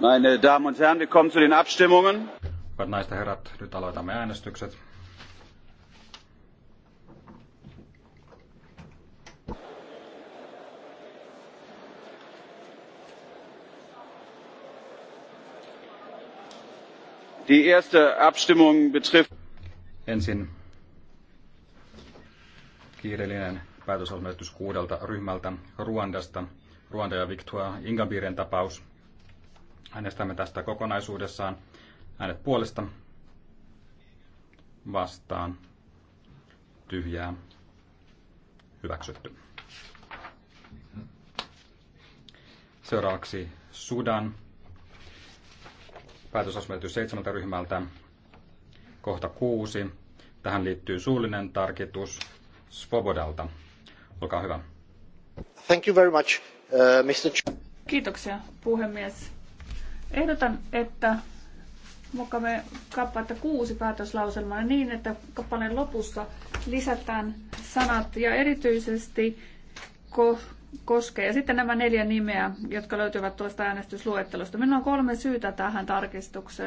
Meine Damen und Herren, wir kommen zu den Abstimmungen. Hyvät naiset herrat, nyt aloitamme äänestykset. Die erste Abstimmung betrifft ensin kiireellinen päätösosmetus kuudelta ryhmältä Ruandasta, Ruanda ja Victoria Ingabiren tapaus, Äänestämme tästä kokonaisuudessaan. Äänet puolesta vastaan tyhjää hyväksytty. Seuraavaksi Sudan. Päätösasmelty seitsemältä ryhmältä. Kohta kuusi. Tähän liittyy suullinen tarkitus Svobodalta. Olkaa hyvä. Thank you very much, uh, Mr. Kiitoksia, puhemies. Ehdotan, että mukamme kappaletta kuusi päätöslauselmaa niin, että kappaleen lopussa lisätään sanat ja erityisesti ko- koskee. Ja sitten nämä neljä nimeä, jotka löytyvät tuosta äänestysluettelosta. Minulla on kolme syytä tähän tarkistukseen.